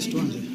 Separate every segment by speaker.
Speaker 1: just one.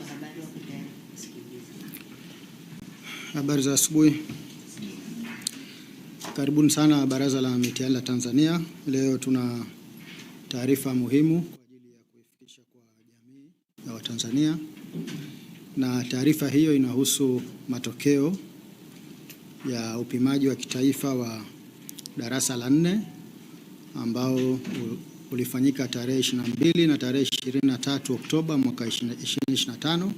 Speaker 1: habari Habari za asubuhi. Karibuni sana Baraza la Mitihani la Tanzania. Leo tuna taarifa muhimu kwa ajili ya kuifikisha kwa jamii ya Watanzania, na taarifa hiyo inahusu matokeo ya upimaji wa kitaifa wa darasa la nne ambao ulifanyika tarehe 22 na tarehe 23 Oktoba mwaka 2025,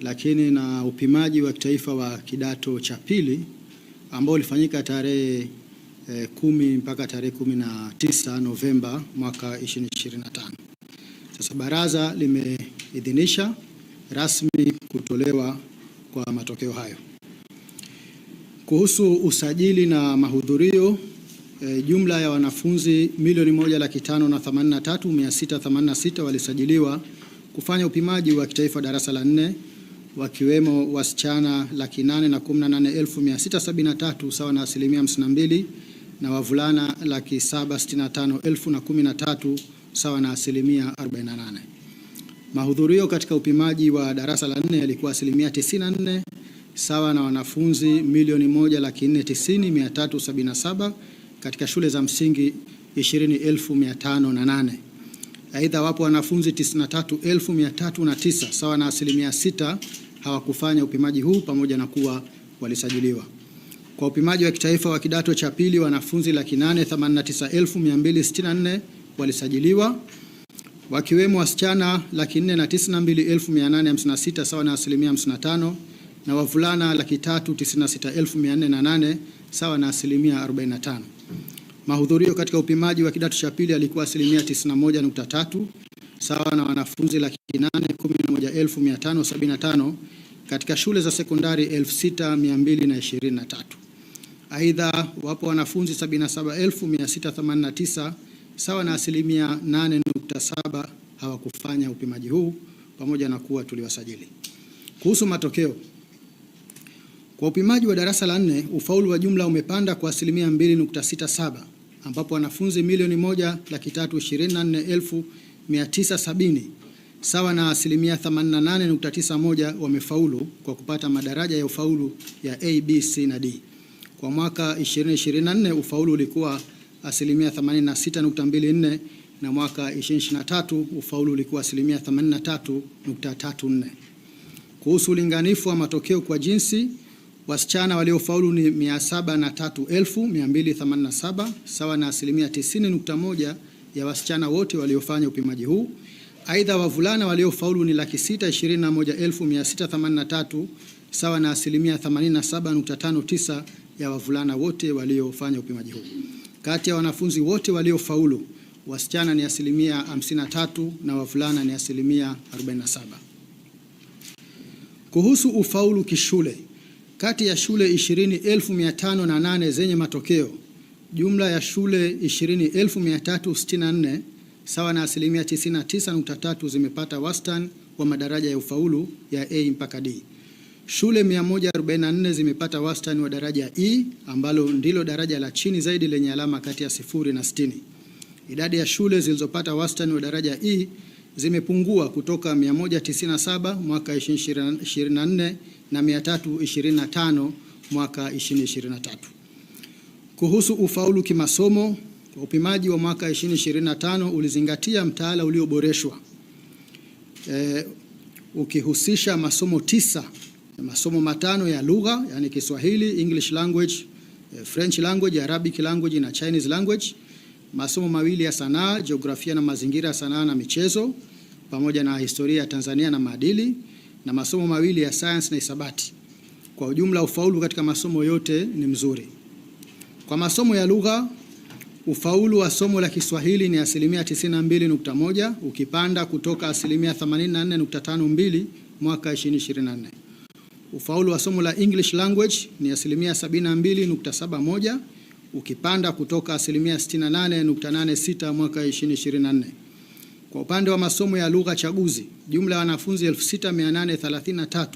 Speaker 1: lakini na upimaji wa kitaifa wa kidato cha pili ambao ulifanyika tarehe eh, kumi mpaka tarehe 19 Novemba mwaka 2025. Sasa baraza limeidhinisha rasmi kutolewa kwa matokeo hayo. Kuhusu usajili na mahudhurio E, jumla ya wanafunzi milioni moja laki tano na themanini na tatu mia sita themanini na sita walisajiliwa kufanya upimaji wa kitaifa darasa la nne wakiwemo wasichana laki nane na kumi na nane elfu mia sita sabini na tatu sawa na asilimia hamsini na mbili na wavulana laki saba sitini na tano elfu na kumi na tatu sawa na asilimia arobaini na nane. Mahudhurio katika upimaji wa darasa la nne yalikuwa asilimia tisini na nne sawa na wanafunzi milioni moja laki nne tisini mia tatu sabini na saba katika shule za msingi 20,508. Aidha, wapo wanafunzi 93,309 sawa na asilimia 6 hawakufanya upimaji huu pamoja na kuwa walisajiliwa. Kwa upimaji wa kitaifa wa kidato cha pili wanafunzi laki nne walisajiliwa wakiwemo wasichana laki sita sawa na asilimia na tano na wavulana 396408 sawa na asilimia 45. Mahudhurio katika upimaji wa kidato cha pili alikuwa asilimia 91.3 sawa na wanafunzi laki nane katika shule za sekondari 6223 Aidha, wapo wanafunzi 77,689 sawa na asilimia 8.7 hawakufanya upimaji huu pamoja na kuwa tuliwasajili. Kuhusu matokeo, kwa upimaji wa darasa la nne, ufaulu wa jumla umepanda kwa asilimia 2.67 ambapo wanafunzi milioni moja laki tatu ishirini na nne elfu mia tisa sabini sawa na asilimia 88.91 wamefaulu kwa kupata madaraja ya ufaulu ya A, B, C na D. Kwa mwaka 2024 ufaulu ulikuwa asilimia 86.24 na mwaka 2023 ufaulu ulikuwa asilimia 83.34. Kuhusu ulinganifu wa matokeo kwa jinsi Wasichana waliofaulu ni 73287 sawa na asilimia 90.1 ya wasichana wote waliofanya upimaji huu. Aidha, wavulana waliofaulu ni laki 621683 sawa na asilimia 87.59 ya wavulana wote waliofanya upimaji huu. Kati ya wanafunzi wote waliofaulu, wasichana ni asilimia 53 na wavulana ni asilimia 47. Kuhusu ufaulu kishule kati ya shule 20,508 zenye matokeo, jumla ya shule 20,364 sawa na asilimia 99.3 zimepata wastani wa madaraja ya ufaulu ya A mpaka D. Shule 144 zimepata wastani wa daraja E ambalo ndilo daraja la chini zaidi lenye alama kati ya sifuri na sitini. Idadi ya shule zilizopata wastani wa daraja E zimepungua kutoka 197 mwaka 2024 na 325 mwaka 2023. Kuhusu ufaulu kimasomo, upimaji wa mwaka 2025 ulizingatia mtaala ulioboreshwa e, ukihusisha masomo tisa, masomo matano ya lugha, yani Kiswahili, English language, eh, French language, Arabic language na Chinese language, masomo mawili ya sanaa, jiografia na mazingira sanaa na michezo, pamoja na historia ya Tanzania na maadili na masomo mawili ya sayansi na hisabati. Kwa ujumla, ufaulu katika masomo yote ni mzuri. Kwa masomo ya lugha, ufaulu wa somo la Kiswahili ni asilimia 92.1 ukipanda kutoka asilimia 84.52 mwaka 2024. Ufaulu wa somo la English language ni asilimia 72.71 ukipanda kutoka asilimia 68.86 mwaka 2024. Kwa upande wa masomo ya lugha chaguzi, jumla ya wanafunzi 6833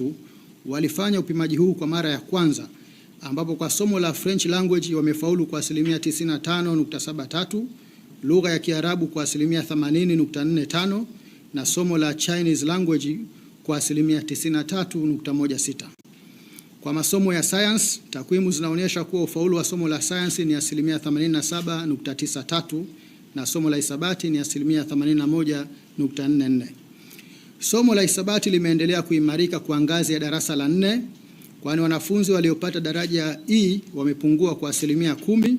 Speaker 1: walifanya upimaji huu kwa mara ya kwanza, ambapo kwa somo la French language wamefaulu kwa asilimia 95.73, lugha ya Kiarabu kwa asilimia 80.45 na somo la Chinese language kwa asilimia 93.16. Kwa masomo ya science, takwimu zinaonyesha kuwa ufaulu wa somo la science ni asilimia 87.93 na somo la hisabati ni asilimia 81.44. Somo la hisabati limeendelea kuimarika kwa ngazi ya darasa la nne, kwani wanafunzi waliopata daraja E wamepungua kwa asilimia kumi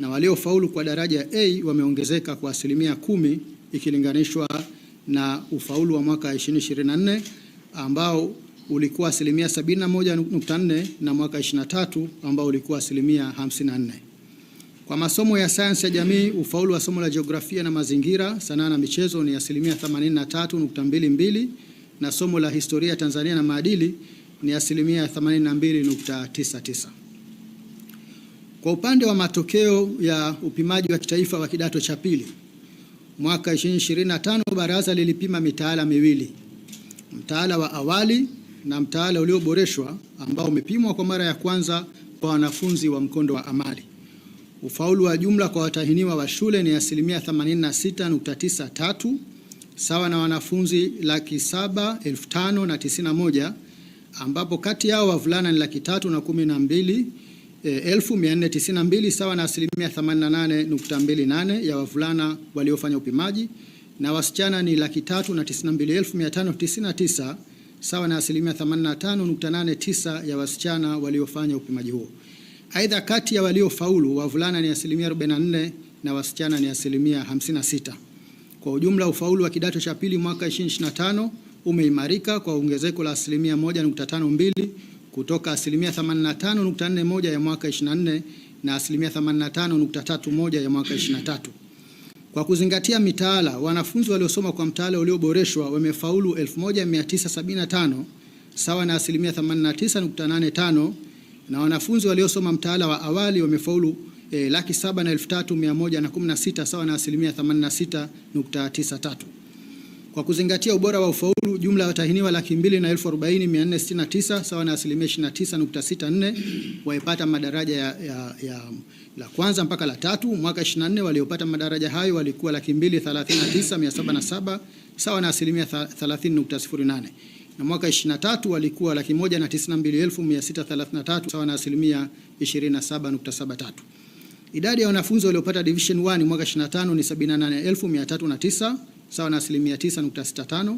Speaker 1: na waliofaulu kwa daraja A wameongezeka kwa asilimia kumi ikilinganishwa na ufaulu wa mwaka 2024 ambao ulikuwa asilimia 71.4 na mwaka 23 ambao ulikuwa asilimia 54. Kwa masomo ya sayansi ya jamii, ufaulu wa somo la jiografia na mazingira, sanaa na michezo ni asilimia 83.22 na somo la historia Tanzania na maadili ni asilimia 82.99. Kwa upande wa matokeo ya upimaji wa kitaifa wa kidato cha pili mwaka 2025, baraza lilipima mitaala miwili, mtaala wa awali na mtaala ulioboreshwa ambao umepimwa kwa mara ya kwanza kwa wanafunzi wa mkondo wa amali. Ufaulu wa jumla kwa watahiniwa wa shule ni asilimia 86.93 sawa na wanafunzi laki saba elfu tano na tisini na moja ambapo kati yao wavulana ni laki tatu na kumi na mbili e, elfu mia nne tisini na mbili sawa na asilimia 88.28 ya wavulana waliofanya upimaji na wasichana ni laki tatu na tisini na mbili elfu mia tano tisini na tisa sawa na asilimia 85.89 ya wasichana waliofanya upimaji huo. Aidha, kati ya waliofaulu wavulana ni asilimia 44 na wasichana ni asilimia 56. Kwa ujumla, ufaulu wa kidato cha pili mwaka 2025 umeimarika kwa ongezeko la asilimia 1.52 kutoka asilimia 85.41 ya mwaka 24 na asilimia 85.31 ya mwaka 23. Kwa kuzingatia mitaala, wanafunzi waliosoma kwa mtaala ulioboreshwa wamefaulu 1975 sawa na asilimia 89.85 na wanafunzi waliosoma mtaala wa awali wamefaulu e, laki saba na elfu tatu mia moja na kumi na sita sawa na asilimia 86.93. Kwa kuzingatia ubora wa ufaulu, jumla ya watahiniwa laki mbili na elfu arobaini mia nne sitini na tisa sawa na asilimia nne waipata madaraja ya, ya, ya la kwanza mpaka la tatu. Mwaka 24 waliopata madaraja hayo walikuwa laki mbili thelathini na tisa mia saba na saba sawa na asilimia nane na mwaka 23 walikuwa laki moja na tisini na mbili elfu mia sita thelathini na tatu sawa na asilimia 27.73. Idadi ya wanafunzi waliopata division 1 mwaka 25 ni 78309 sawa na asilimia 9.65.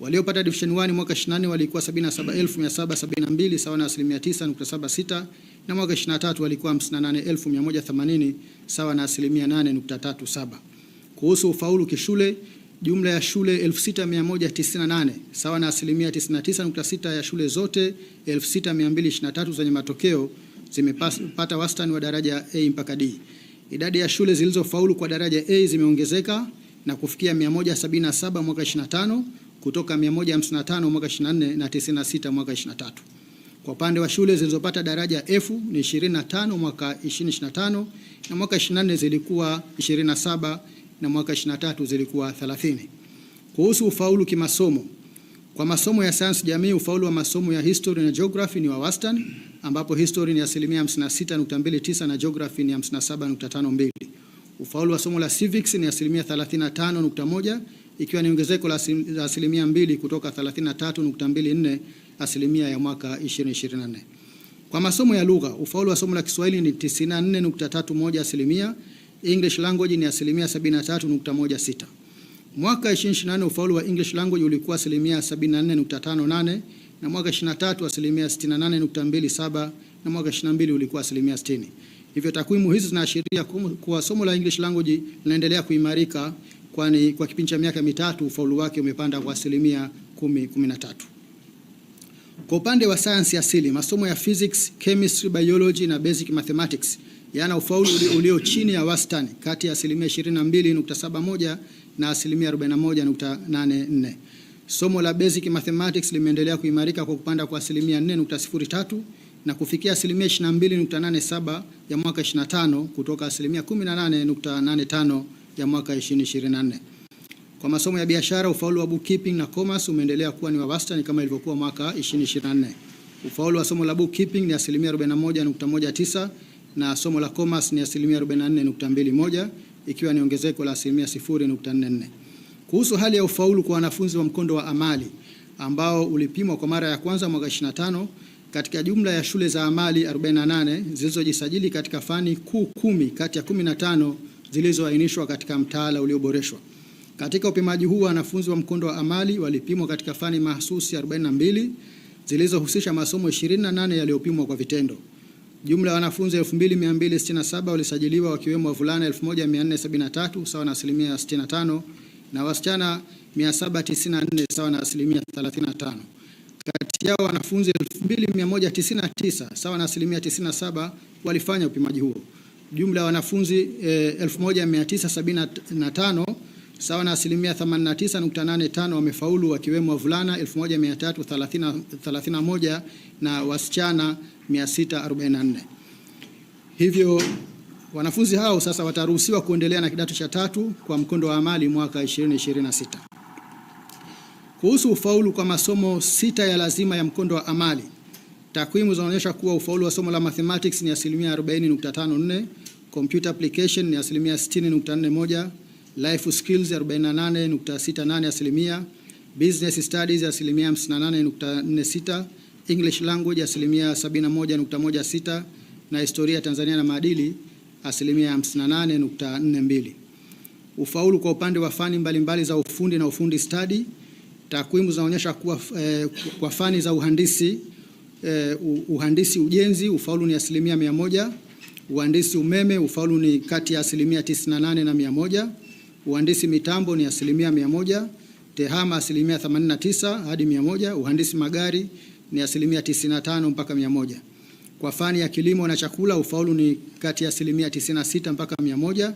Speaker 1: Waliopata division 1 mwaka 24 walikuwa 77772 sawa na asilimia 9.76 na mwaka 23 walikuwa 58180 sawa na asilimia 8.37. Kuhusu ufaulu kishule jumla ya shule 6198 sawa na asilimia 99.6 ya shule zote 6223 zenye matokeo zimepata wastani wa daraja A mpaka D. Idadi ya shule zilizofaulu kwa daraja A zimeongezeka na kufikia 177 mwaka 25 kutoka 155 mwaka 24 na 96 mwaka 23. Kwa upande wa shule zilizopata daraja F ni 25 mwaka 2025 na mwaka 24 zilikuwa 27 na mwaka 23 zilikuwa 30. Kuhusu ufaulu kimasomo, kwa masomo ya sayansi jamii, ufaulu wa masomo ya history na geography ni wa wastani, ambapo history ni asilimia 56.29 na geography ni 57.52. Ufaulu wa somo la civics ni asilimia 35.1 ikiwa ni ongezeko la asilimia 2 kutoka 33.24 asilimia ya mwaka 2024. Kwa masomo ya lugha, ufaulu wa somo la Kiswahili ni 94.31 asilimia English language ni asilimia 73.16. Mwaka 2024 ufaulu wa English language ulikuwa asilimia 74.58 na mwaka 23 asilimia 68.27 na mwaka 22 ulikuwa asilimia 60. Hivyo takwimu hizi zinaashiria kuwa somo la English language linaendelea kuimarika, kwani kwa kipindi cha miaka mitatu ufaulu wake umepanda kwa asilimia 10 Kwa upande wa sayansi asili, masomo ya physics, chemistry, biology na basic mathematics yana ufaulu ulio chini ya wastani kati ya asilimia 22.71 na asilimia 41.84. Somo la basic mathematics limeendelea kuimarika kwa kupanda kwa asilimia 4.03 na kufikia asilimia 22.87 ya mwaka 25 kutoka asilimia 18.85 ya mwaka 2024. Kwa masomo ya biashara, ufaulu wa bookkeeping na commerce umeendelea kuwa ni wa wastani kama ilivyokuwa mwaka 2024. Ufaulu wa somo la bookkeeping ni asilimia 41.19 na somo la commerce ni asilimia 44.21 ikiwa ni ongezeko la asilimia 0.44. Kuhusu hali ya ufaulu kwa wanafunzi wa mkondo wa amali ambao ulipimwa kwa mara ya kwanza mwaka 25 katika jumla ya shule za amali 48 zilizojisajili katika fani kuu kumi kati ya 15 zilizoainishwa katika mtaala ulioboreshwa. Katika upimaji huu wanafunzi wa mkondo wa amali walipimwa katika fani mahsusi 42 zilizohusisha masomo 28 yaliyopimwa kwa vitendo. Jumla ya wanafunzi 2267 walisajiliwa wakiwemo wavulana 1473 sawa na asilimia 65 na wasichana 794 sawa na asilimia 35. Kati yao wanafunzi 2199 sawa na asilimia 97 walifanya upimaji huo. Jumla ya wanafunzi 1975 eh, sawa na asilimia 89.85 wamefaulu wakiwemo wavulana 1331 na wasichana 644. Hivyo wanafunzi hao sasa wataruhusiwa kuendelea na kidato cha tatu kwa mkondo wa amali mwaka 2026. Kuhusu ufaulu kwa masomo sita ya lazima ya mkondo wa amali, takwimu zinaonyesha kuwa ufaulu wa somo la mathematics ni asilimia 40.54, computer application ni asilimia 60.41, life skills 48.68 asilimia, business studies asilimia 58.46 English language asilimia 71.16 na historia Tanzania na maadili asilimia 58.42. Ufaulu kwa upande wa fani mbalimbali mbali za ufundi na ufundi stadi, takwimu zinaonyesha kuwa eh, kwa fani za uhandisi eh, uhandisi ujenzi ufaulu ni asilimia mia moja. Uhandisi umeme ufaulu ni kati ya asilimia 98 na mia moja. Uhandisi mitambo ni asilimia mia moja. Tehama asilimia 89 hadi mia moja. Uhandisi magari ni asilimia 95 mpaka 100. Kwa fani ya kilimo na chakula ufaulu ni kati ya asilimia 96 mpaka 100.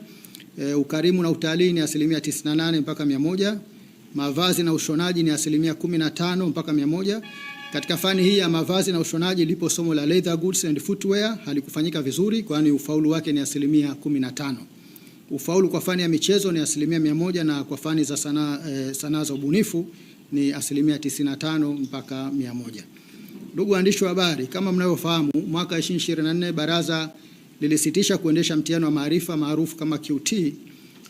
Speaker 1: E, ukarimu na utalii ni asilimia 98 mpaka 100. Mavazi na ushonaji ni asilimia 15 mpaka 100. Katika fani hii ya mavazi na ushonaji lipo somo la leather goods and footwear halikufanyika vizuri, kwani ufaulu wake ni asilimia 15. Ufaulu kwa fani ya michezo ni asilimia mia moja na kwa fani za sanaa, e, sanaa za ubunifu ni asilimia 95 mpaka mia moja. Ndugu waandishi wa habari, kama mnavyofahamu, mwaka 2024 baraza lilisitisha kuendesha mtihani wa maarifa maarufu kama QT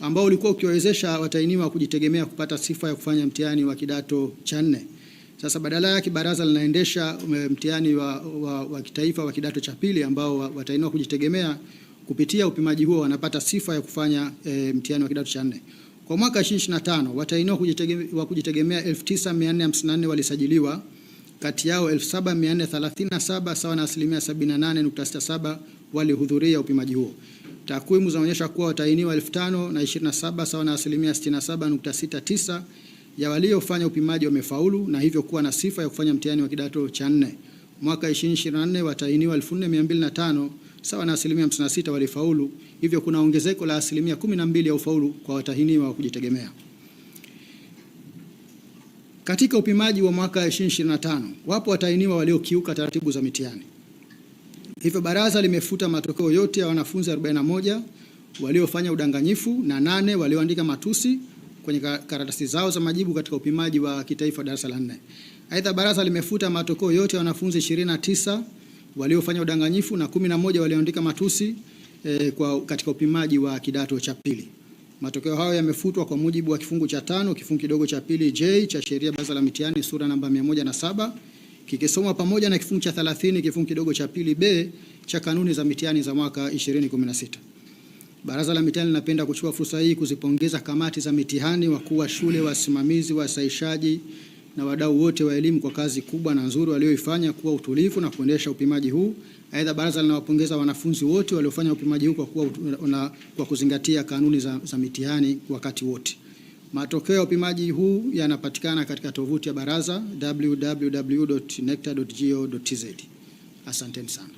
Speaker 1: ambao ulikuwa ukiwawezesha watahiniwa kujitegemea kupata sifa ya kufanya mtihani wa kidato cha nne. Sasa badala yake baraza linaendesha eh, mtihani wa, wa, wa kitaifa wa kidato cha pili ambao watahiniwa kujitegemea kupitia upimaji huo wanapata sifa ya kufanya e, mtihani wa kidato cha nne. Kwa mwaka 2025 watahiniwa wa kujitegemea 9454 walisajiliwa kati yao 7437 sawa na asilimia 78.67 walihudhuria upimaji huo. Takwimu zinaonyesha kuwa watainiwa 5027 sawa na asilimia 67.69 ya waliofanya upimaji wamefaulu na hivyo kuwa na sifa ya kufanya mtihani wa kidato cha nne. Mwaka 2024 watainiwa 4205 sawa na asilimia 56 walifaulu, hivyo kuna ongezeko la asilimia 12 ya ufaulu kwa watahiniwa wa kujitegemea. Katika upimaji wa mwaka 2025 wapo watahiniwa waliokiuka taratibu za mitihani, hivyo baraza limefuta matokeo yote ya wanafunzi 41 waliofanya udanganyifu na nane walioandika matusi kwenye karatasi zao za majibu katika upimaji wa kitaifa darasa la nne. Aidha, baraza limefuta matokeo yote ya wanafunzi 29 waliofanya udanganyifu na 11 walioandika matusi eh, kwa katika upimaji wa kidato cha pili. Matokeo hayo yamefutwa kwa mujibu wa kifungu cha tano kifungu kidogo cha pili J cha sheria baraza la mitihani sura namba 107 kikisomwa pamoja na kifungu cha 30 kifungu kidogo cha pili B cha kanuni za mitihani za mwaka 2016. Baraza la mitihani linapenda kuchukua fursa hii kuzipongeza kamati za mitihani, wakuu wa shule, wasimamizi, wasaishaji na wadau wote wa elimu kwa kazi kubwa na nzuri walioifanya kuwa utulivu na kuendesha upimaji huu Aidha, baraza linawapongeza wanafunzi wote waliofanya upimaji huu kwa, kwa kuzingatia kanuni za, za mitihani wakati wote. Matokeo ya upimaji huu yanapatikana katika tovuti ya baraza www.necta.go.tz. Asanteni sana.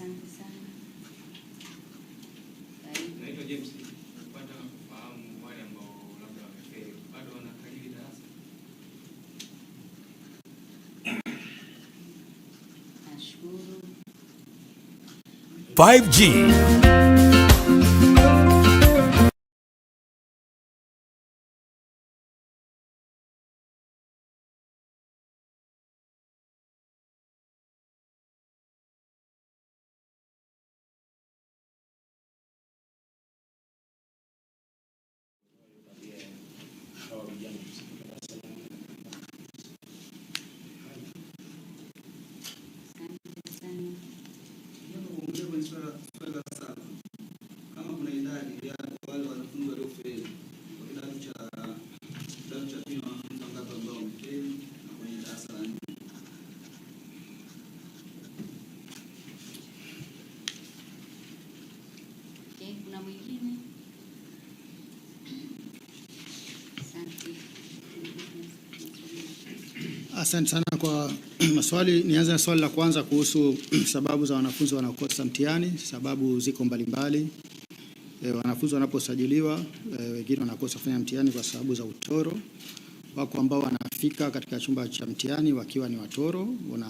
Speaker 2: Asante sana
Speaker 3: naitwa James. Napata kufahamu wale ambao labda wamefeli bado wanakariri darasa.
Speaker 2: Nashukuru
Speaker 4: 5G Asante sana kwa maswali. Nianze na swali la kwanza kuhusu sababu za wanafunzi wanaokosa mtihani. Sababu ziko mbalimbali. E, wanafunzi wanaposajiliwa eh, wengine wanakosa kufanya mtihani kwa sababu za utoro. Wako ambao wanafika katika chumba cha mtihani wakiwa ni watoro, na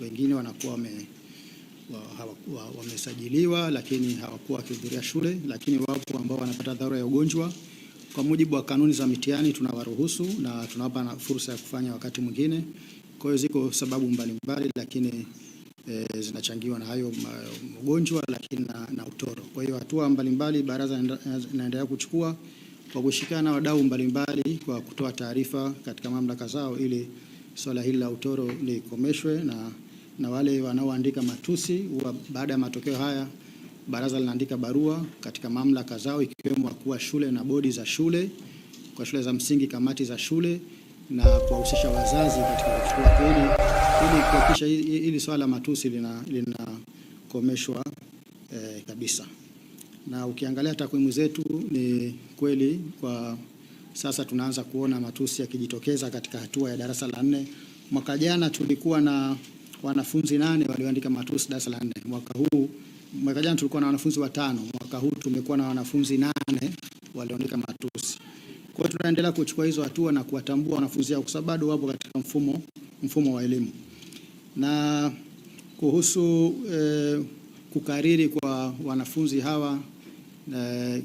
Speaker 4: wengine wanakuwa wame, wamesajiliwa lakini hawakuwa wakihudhuria shule, lakini wapo ambao wanapata dharura ya ugonjwa kwa mujibu wa kanuni za mitihani tunawaruhusu na tunawapa na fursa ya kufanya wakati mwingine. Kwa hiyo ziko sababu mbalimbali, lakini e, zinachangiwa na hayo mgonjwa, lakini na, na utoro. Kwa hiyo hatua mbalimbali baraza inaendelea kuchukua kwa kushikana na wadau mbalimbali kwa kutoa taarifa katika mamlaka zao ili swala hili la utoro likomeshwe na, na wale wanaoandika matusi baada ya matokeo haya baraza linaandika barua katika mamlaka zao ikiwemo wakuu wa shule na bodi za shule, kwa shule za msingi kamati za shule, na kuwahusisha wazazi katika kuchukua keni ili kuhakikisha hili swala la matusi linakomeshwa lina eh, kabisa. Na ukiangalia takwimu zetu ni kweli kwa sasa tunaanza kuona matusi yakijitokeza katika hatua ya darasa la nne. Mwaka jana tulikuwa na wanafunzi nane walioandika matusi darasa la nne, mwaka huu mwaka jana tulikuwa na wanafunzi watano, mwaka huu tumekuwa na wanafunzi nane walioandika matusi. Kwa hiyo tunaendelea kuchukua hizo hatua na kuwatambua wanafunzi hao, kwa sababu bado wapo katika mfumo, mfumo wa elimu. Na kuhusu eh, kukariri kwa wanafunzi hawa eh,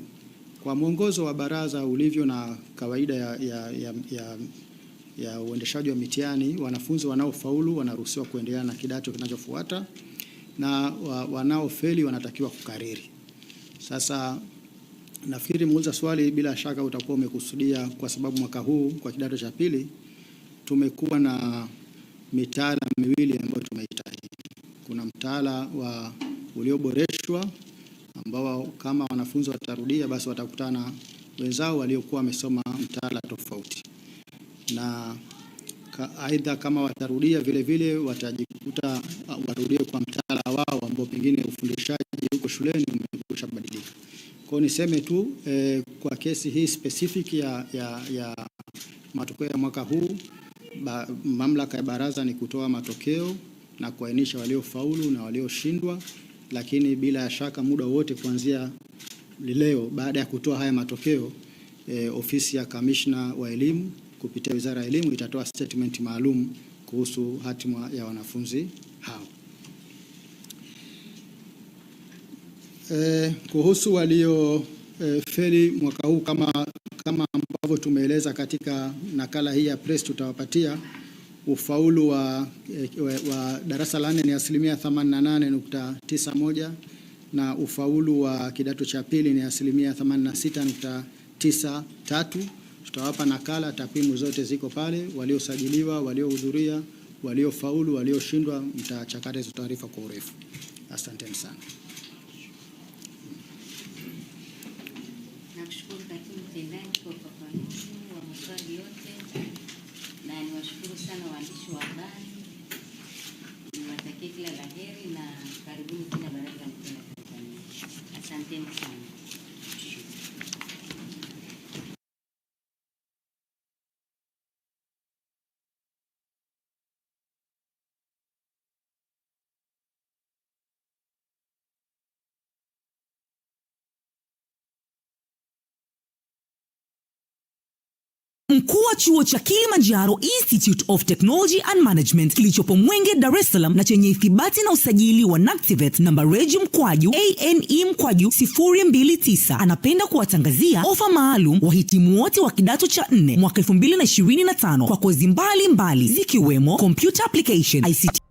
Speaker 4: kwa mwongozo wa baraza ulivyo na kawaida ya, ya, ya, ya, ya uendeshaji wa mitihani, wanafunzi wanaofaulu wanaruhusiwa kuendelea na kidato kinachofuata na wanaofeli wanatakiwa kukariri. Sasa nafikiri muuliza swali, bila shaka utakuwa umekusudia, kwa sababu mwaka huu kwa kidato cha pili tumekuwa na mitaala miwili ambayo tumehitaji. Kuna mtaala wa ulioboreshwa ambao kama wanafunzi watarudia, basi watakutana wenzao waliokuwa wamesoma mtaala tofauti, na aidha kama watarudia vile vile watajikuta warudie kwa mtaala ambao pengine ufundishaji huko shuleni umeshabadilika. Kwa hiyo niseme tu eh, kwa kesi hii specific ya, ya, ya matokeo ya mwaka huu ba, mamlaka ya baraza ni kutoa matokeo na kuainisha waliofaulu na walioshindwa, lakini bila ya shaka muda wote kuanzia leo baada ya kutoa haya matokeo eh, ofisi ya kamishna wa elimu kupitia wizara ya elimu itatoa statement maalum kuhusu hatima ya wanafunzi hao. Eh, kuhusu waliofeli eh, mwaka huu kama, kama ambavyo tumeeleza katika nakala hii ya press tutawapatia ufaulu wa, eh, wa darasa la nne ni asilimia 88.91 na ufaulu wa kidato cha pili ni asilimia 86.93. Tutawapa nakala, takwimu zote ziko pale, waliosajiliwa, waliohudhuria, waliofaulu, walioshindwa. Mtachakata hizo taarifa kwa urefu. Asanteni sana. waandishi wa habari, niwatakie kila la heri na karibuni tena Baraza la Mapinduzi la Tanzania. Asanteni sana. Mkuu wa chuo cha Kilimanjaro Institute of Technology and Management kilichopo Mwenge, Dar es Salaam na chenye ithibati na usajili wa NACTIVET namba reji mkwaju ane mkwaju 029 anapenda kuwatangazia ofa maalum wahitimu wote wa kidato cha 4 mwaka 2025 kwa kozi mbalimbali zikiwemo computer application ICT